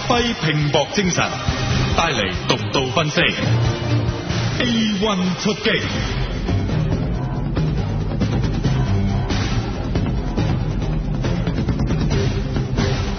發揮拼搏精神，帶嚟獨到分析。A1 出擊。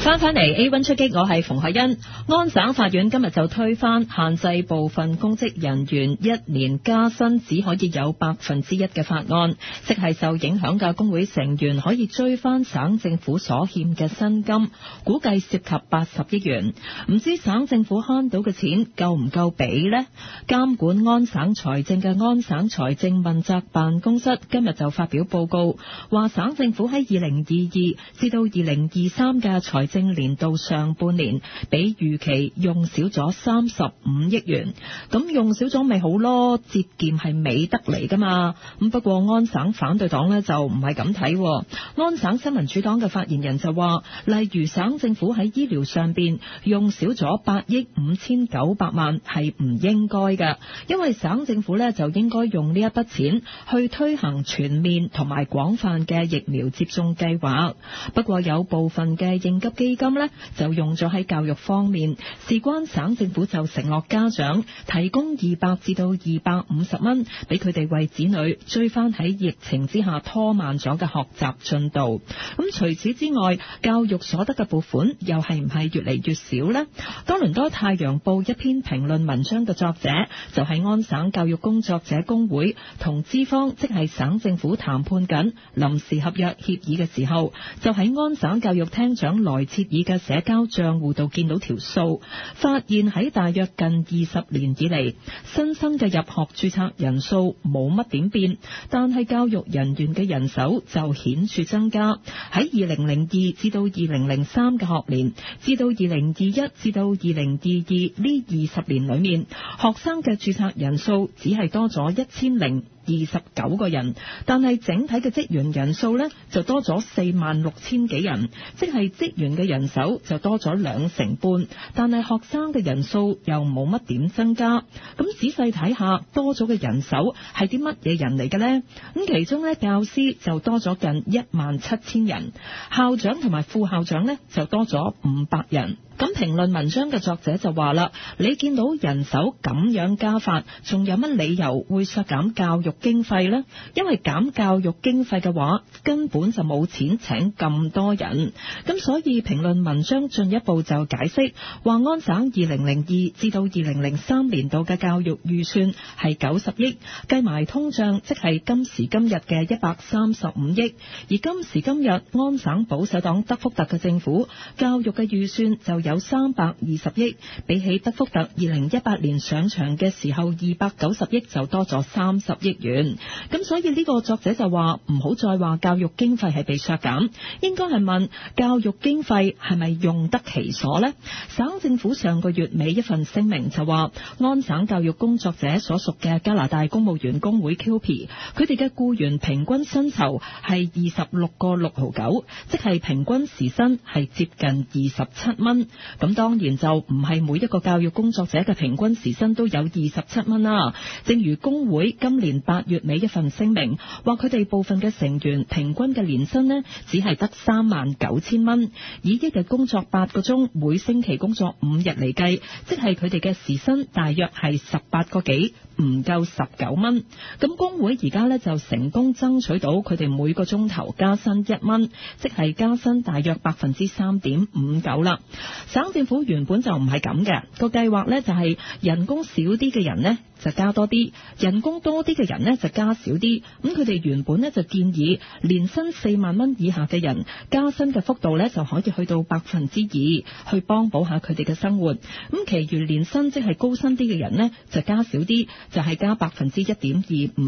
翻翻嚟 A 溫出擊，我係馮海欣。安省法院今日就推翻限制部分公職人員一年加薪只可以有百分之一嘅法案，即係受影響嘅工會成員可以追翻省政府所欠嘅薪金，估計涉及八十億元。唔知省政府慳到嘅錢夠唔夠俾呢？監管安省財政嘅安省財政問責辦公室今日就發表報告，話省政府喺二零二二至到二零二三嘅財。正年到上半年比預期用少咗三十五億元，咁用少咗咪好咯？節儉係美德嚟噶嘛？咁不過安省反對黨呢，就唔係咁睇。安省新民主黨嘅發言人就話，例如省政府喺醫療上邊用少咗八億五千九百萬係唔應該嘅，因為省政府呢，就應該用呢一筆錢去推行全面同埋廣泛嘅疫苗接種計劃。不過有部分嘅應急。基金呢就用咗喺教育方面，事關省政府就承諾家長提供二百至到二百五十蚊，俾佢哋為子女追翻喺疫情之下拖慢咗嘅學習進度。咁、嗯、除此之外，教育所得嘅撥款又係唔係越嚟越少呢？多倫多太陽報一篇評論文章嘅作者就係安省教育工作者工會同資方即係省政府談判緊臨時合約協議嘅時候，就喺安省教育廳長來。切爾嘅社交賬戶度見到條數，發現喺大約近二十年以嚟，新生嘅入學注冊人數冇乜點變，但係教育人員嘅人手就顯著增加。喺二零零二至到二零零三嘅學年至到二零二一至到二零二二呢二十年裏面，學生嘅注冊人數只係多咗一千零。二十九個人，但係整體嘅職員人數呢，就多咗四萬六千幾人，即係職員嘅人手就多咗兩成半，但係學生嘅人數又冇乜點增加。咁仔細睇下，多咗嘅人手係啲乜嘢人嚟嘅呢？咁其中呢，教師就多咗近一萬七千人，校長同埋副校長呢，就多咗五百人。咁評論文章嘅作者就話啦：你見到人手咁樣加法，仲有乜理由會削減教育經費呢？因為減教育經費嘅話，根本就冇錢請咁多人。咁所以評論文章進一步就解釋，話安省二零零二至到二零零三年度嘅教育預算係九十億，計埋通脹即係今時今日嘅一百三十五億。而今時今日，安省保守黨德福特嘅政府教育嘅預算就。有三百二十億，比起德福特二零一八年上場嘅時候二百九十億就多咗三十億元。咁所以呢個作者就話，唔好再話教育經費係被削減，應該係問教育經費係咪用得其所呢？省政府上個月尾一份聲明就話，安省教育工作者所屬嘅加拿大公務員工會 QP，佢哋嘅僱員平均薪酬係二十六個六毫九，即係平均時薪係接近二十七蚊。咁當然就唔係每一個教育工作者嘅平均時薪都有二十七蚊啦。正如工會今年八月尾一份聲明，話佢哋部分嘅成員平均嘅年薪呢，只係得三萬九千蚊，以一日工作八個鐘，每星期工作五日嚟計，即係佢哋嘅時薪大約係十八個幾。唔夠十九蚊，咁工會而家呢就成功爭取到佢哋每個鐘頭加薪一蚊，即係加薪大約百分之三點五九啦。省政府原本就唔係咁嘅，個計劃呢就係人工少啲嘅人呢就加多啲，人工多啲嘅人呢就加少啲。咁佢哋原本呢就建議年薪四萬蚊以下嘅人加薪嘅幅度呢就可以去到百分之二，去幫補下佢哋嘅生活。咁其餘年薪即係高薪啲嘅人呢，就加少啲。就係加百分之一點二五，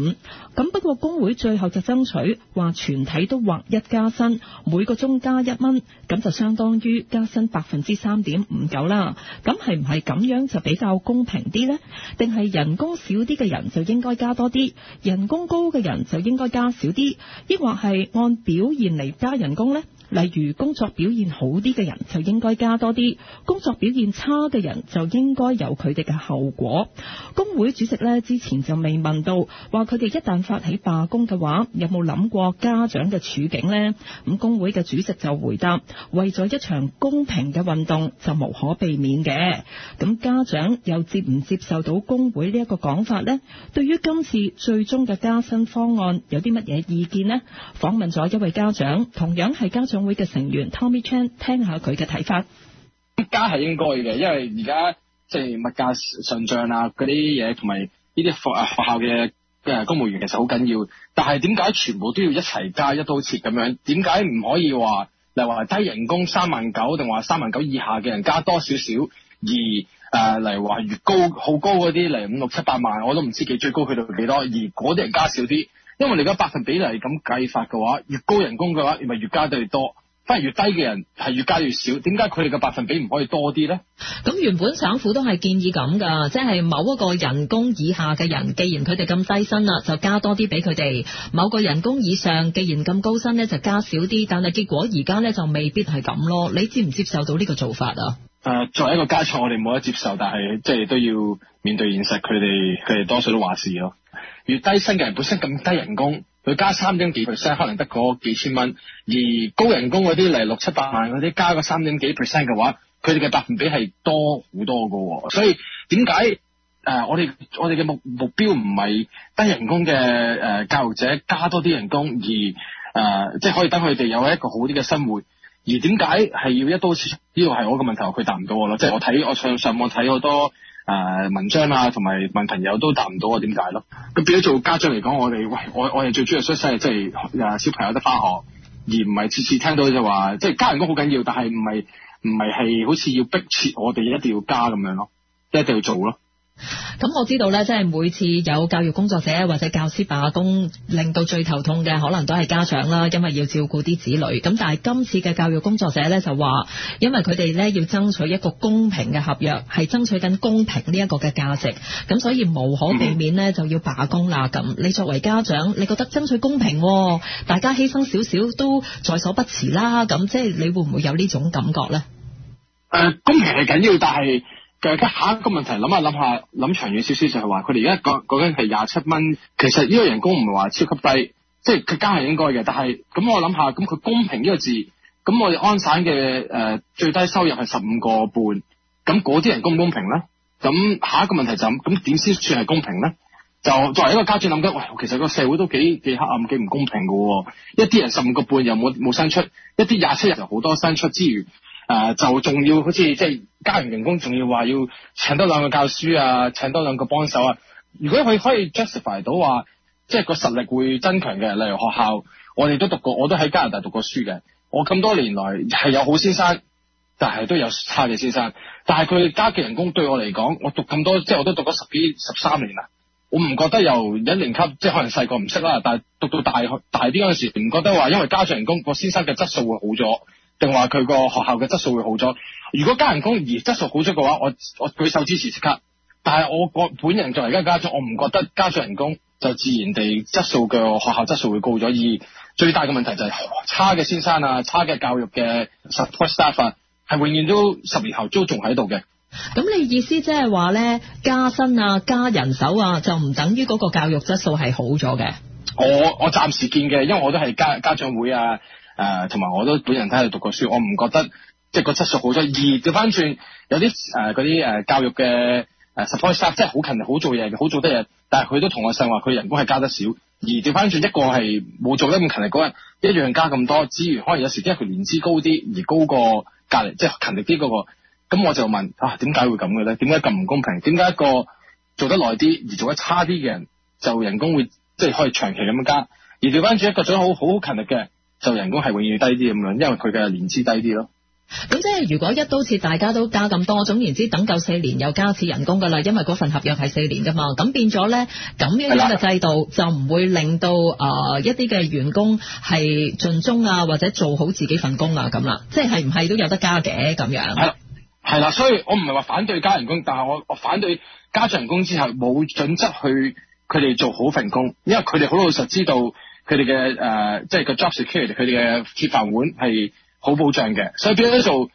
咁不過工會最後就爭取話全體都劃一加薪，每個鐘加一蚊，咁就相當於加薪百分之三點五九啦。咁係唔係咁樣就比較公平啲呢？定係人工少啲嘅人就應該加多啲，人工高嘅人就應該加少啲，抑或係按表現嚟加人工呢？例如工作表現好啲嘅人就應該加多啲，工作表現差嘅人就應該有佢哋嘅後果。工會主席咧之前就未問到，話佢哋一旦發起罷工嘅話，有冇諗過家長嘅處境咧？咁工會嘅主席就回答：為咗一場公平嘅運動，就無可避免嘅。咁家長又接唔接受到工會呢一個講法咧？對於今次最終嘅加薪方案有啲乜嘢意見咧？訪問咗一位家長，同樣係家長。總會嘅成員 Tommy Chan 聽下佢嘅睇法，加係應該嘅，因為而家即係物價上漲啊嗰啲嘢，同埋呢啲學學校嘅誒、啊、公務員其實好緊要。但係點解全部都要一齊加一刀切咁樣？點解唔可以話例如話低人工三萬九，定話三萬九以下嘅人加多少少？而誒、呃、例如話越高好高嗰啲嚟五六七八萬，我都唔知幾最高去到幾多，而嗰啲人加少啲。因為你而家百分比例咁計法嘅話，越高人工嘅話，咪越加得越多；反而越低嘅人係越加越少。點解佢哋嘅百分比唔可以多啲呢？咁原本省府都係建議咁噶，即係某一個人工以下嘅人，既然佢哋咁低薪啦，就加多啲俾佢哋；某個人工以上，既然咁高薪咧，就加少啲。但係結果而家咧就未必係咁咯。你接唔接受到呢個做法啊？誒、呃，作為一個家長，我哋冇得接受，但係即係都要面對現實佢哋，佢哋佢哋多數都話事咯。越低薪嘅人本身咁低人工，佢加三點幾 percent 可能得嗰幾千蚊而高人工嗰啲，嚟六七百萬嗰啲，加個三點幾 percent 嘅話，佢哋嘅百分比係多好多嘅。所以點解誒我哋我哋嘅目目標唔係低人工嘅誒教育者加多啲人工，而誒即係可以等佢哋有一個好啲嘅生活。而點解係要一刀切？呢度，係我嘅問題，佢答唔到我咯。即係我睇我上上網睇好多。誒、啊、文章啊，同埋問朋友都答唔到，我點解咯？咁變咗做家長嚟講，我哋喂我我哋最主要嘅趨勢即係誒小朋友得翻學，而唔係次次聽到話就話即係加人工好緊要，但係唔係唔係係好似要逼切我哋一定要加咁樣咯，一定要做咯。咁、嗯、我知道咧，即係每次有教育工作者或者教師罷工，令到最頭痛嘅可能都係家長啦，因為要照顧啲子女。咁但係今次嘅教育工作者咧就話，因為佢哋咧要爭取一個公平嘅合約，係爭取緊公平呢一個嘅價值。咁所以無可避免咧就要罷工啦。咁、嗯、你作為家長，你覺得爭取公平，大家犧牲少少都在所不辭啦。咁即係你會唔會有呢種感覺呢？誒、呃，公平係緊要，但係。其實嘅，咁下一個問題想想想想，諗下諗下，諗長遠少少就係話，佢哋而家講講緊係廿七蚊，其實呢個人工唔係話超級低，即係佢加係應該嘅。但係，咁我諗下，咁佢公平呢個字，咁我哋安省嘅誒、呃、最低收入係十五個半，咁嗰啲人公唔公平咧？咁下一個問題就咁，咁點先算係公平咧？就作為一個家長諗緊，喂、哎，其實個社會都幾幾黑暗，幾唔公平嘅喎、哦。一啲人十五個半又冇冇生出，一啲廿七人就好多生出之餘。誒、uh, 就仲要好似即係加完人工，仲要話要請多兩個教書啊，請多兩個幫手啊。如果佢可以 justify 到話，即係個實力會增強嘅，例如學校，我哋都讀過，我都喺加拿大讀過書嘅。我咁多年來係有好先生，但係都有差嘅先生。但係佢加嘅人工對我嚟講，我讀咁多，即係我都讀咗十幾十三年啦。我唔覺得由一年級即係可能細個唔識啦，但係讀到大學大啲嗰陣時，唔覺得話因為加上人工，個先生嘅質素會好咗。定話佢個學校嘅質素會好咗。如果加人工而質素好咗嘅話，我我舉手支持即刻。但係我個本人作為一個家長，我唔覺得加上人工就自然地質素嘅學校質素會高咗。而最大嘅問題就係差嘅先生啊，差嘅教育嘅 support staff 啊，係永遠都十年後都仲喺度嘅。咁你意思即係話咧，加薪啊，加人手啊，就唔等於嗰個教育質素係好咗嘅？我我暫時見嘅，因為我都係家家長會啊。誒、呃，同埋我都本人喺度讀過書，我唔覺得即係個質素好咗。而調翻轉有啲誒嗰啲誒教育嘅誒 support staff，即係好勤力、好做嘢、好做得嘢，但係佢都同我講話佢人工係加得少。而調翻轉一個係冇做得咁勤力嗰人，一樣加咁多。之餘可能有時因為佢年資高啲而高過隔離，即係勤力啲嗰、嗰個。咁我就問啊，點解會咁嘅咧？點解咁唔公平？點解一個做得耐啲而做得差啲嘅人就人工會即係可以長期咁加？而調翻轉一個嘴好好勤力嘅？就人工係永遠低啲咁樣，因為佢嘅年資低啲咯。咁即係如果一刀切，大家都加咁多，總言之，等夠四年又加次人工噶啦，因為嗰份合約係四年噶嘛。咁變咗咧，咁樣嘅制度就唔會令到誒、呃、一啲嘅員工係盡忠啊，或者做好自己份工啊，咁啦。即係係唔係都有得加嘅咁樣。係啦，係啦，所以我唔係話反對加人工，但係我我反對加咗人工之後冇準則去佢哋做好份工，因為佢哋好老實知道。佢哋嘅誒即係個 job security，佢哋嘅鐵飯碗係好保障嘅。所以變咗做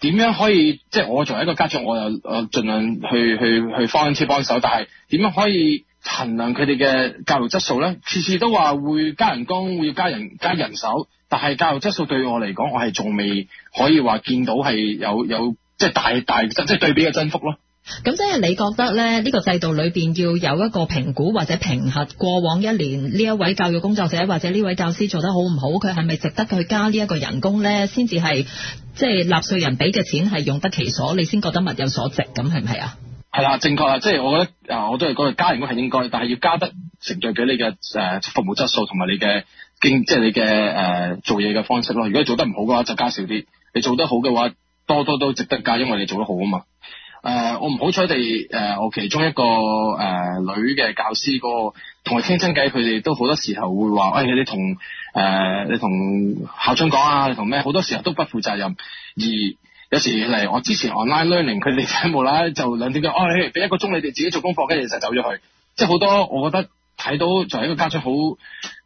點樣可以，即係我作為一個家長，我又誒盡量去去去幫啲手幫手。但係點樣可以衡量佢哋嘅教育質素咧？次次都話會，會加人工，會要加人加人手，但係教育質素對我嚟講，我係仲未可以話見到係有有即係、就是、大大即係、就是、對比嘅增幅咯。咁即係你覺得咧呢、這個制度裏邊要有一個評估或者評核過往一年呢一位教育工作者或者呢位教師做得好唔好，佢係咪值得佢加呢一個人工咧，先至係即係納稅人俾嘅錢係用得其所，你先覺得物有所值咁，係唔係啊？係啦，正確啦，即係我覺得啊，我都係覺得加人工係應該，但係要加得承載住你嘅誒服務質素同埋你嘅經即係你嘅誒、呃、做嘢嘅方式咯。如果做得唔好嘅話就加少啲，你做得好嘅話多多都值得加，因為你做得好啊嘛。誒、 呃，我唔好彩哋誒，我其中一個誒、呃、女嘅教師嗰個，同佢傾親偈，佢哋都好多時候會話，誒、哎，你同誒、呃，你同校長講啊，你同咩，好多時候都不負責任，而有時嚟，我之前 online learning，佢哋無啦啦就兩點幾，哦、哎，俾一個鐘你哋自己做功課，跟住就走咗去，即係好多，我覺得睇到就係一個家長好，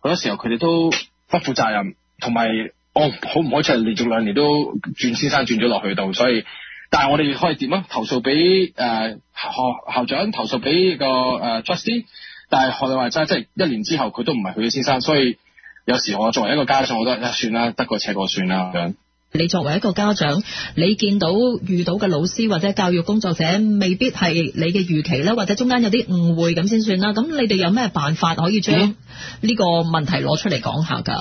好多時候佢哋都不負責任，同埋我好唔開心，連續兩年都轉先生轉咗落去度。所以。但係我哋可以點啊？投訴俾誒校校長，投訴俾個誒 trustee，但係學你話齋，即係一年之後佢都唔係佢嘅先生，所以有時我作為一個家長，我都得算啦，得過且過算啦咁樣。你作為一個家長，你見到遇到嘅老師或者教育工作者未必係你嘅預期咧，或者中間有啲誤會咁先算啦。咁你哋有咩辦法可以將呢個問題攞出嚟講下噶？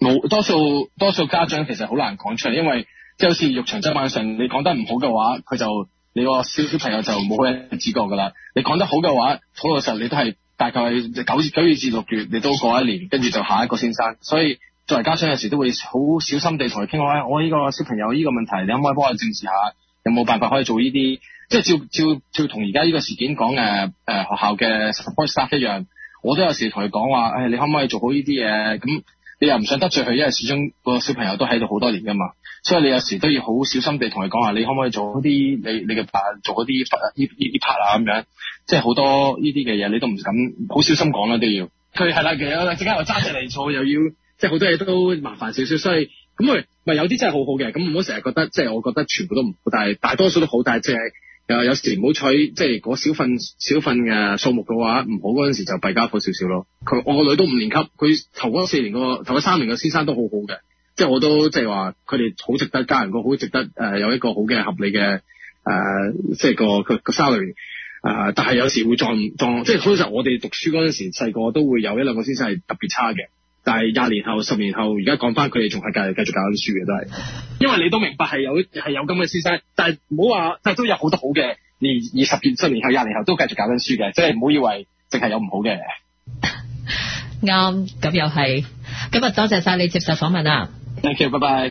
冇，嗯，多數多數家長其實好難講出嚟，因為。即係好似育長週辦上，你講得唔好嘅話，佢就你個小小朋友就冇好嘅指教㗎啦。你講得好嘅話，好嘅時候你都係大概九九月至六月，你都過一年，跟住就下一個先生。所以作為家長有時都會好小心地同佢傾話，我呢個小朋友呢個問題，你可唔可以幫我正視下？有冇辦法可以做呢啲？即係照照照同而家呢個事件講嘅誒學校嘅 support staff 一樣，我都有時同佢講話，誒你可唔可以做好呢啲嘢？咁、嗯。你又唔想得罪佢，因為始終個小朋友都喺度好多年噶嘛，所以你有時都要好小心地同佢講話，你可唔可以做嗰啲你你嘅啊做嗰啲呢呢啲拍啊咁樣，即係好多呢啲嘅嘢你都唔敢好小心講啦都要。佢係啦，其實陣間又揸住嚟坐，又要即係好多嘢都麻煩少少，所以咁佢咪有啲真係好好嘅，咁唔好成日覺得即係我覺得全部都唔好，但係大多數都好，但係即係。誒有時唔好彩，即係嗰少份少份嘅數目嘅話，唔好嗰陣時就弊家伙少少咯。佢我個女都五年級，佢頭嗰四年個頭嗰三年嘅先生都好好嘅，即係我都即係話佢哋好值得家人個好值得誒有一個好嘅合理嘅誒即係個佢個 salary、呃。誒，但係有時會撞撞，撞，即係通常我哋讀書嗰陣時細個都會有一兩個先生係特別差嘅。但係廿年後、十年後，而家講翻佢哋仲係繼繼續搞緊書嘅都係，因為你都明白係有係有咁嘅先生，但係唔好話，但係都有好多好嘅，而二十年、十年後、廿年後都繼續搞緊書嘅，即係唔好以為淨係有唔好嘅。啱、 嗯，咁又係，今日多謝晒你接受訪問啦。Thank you，拜拜。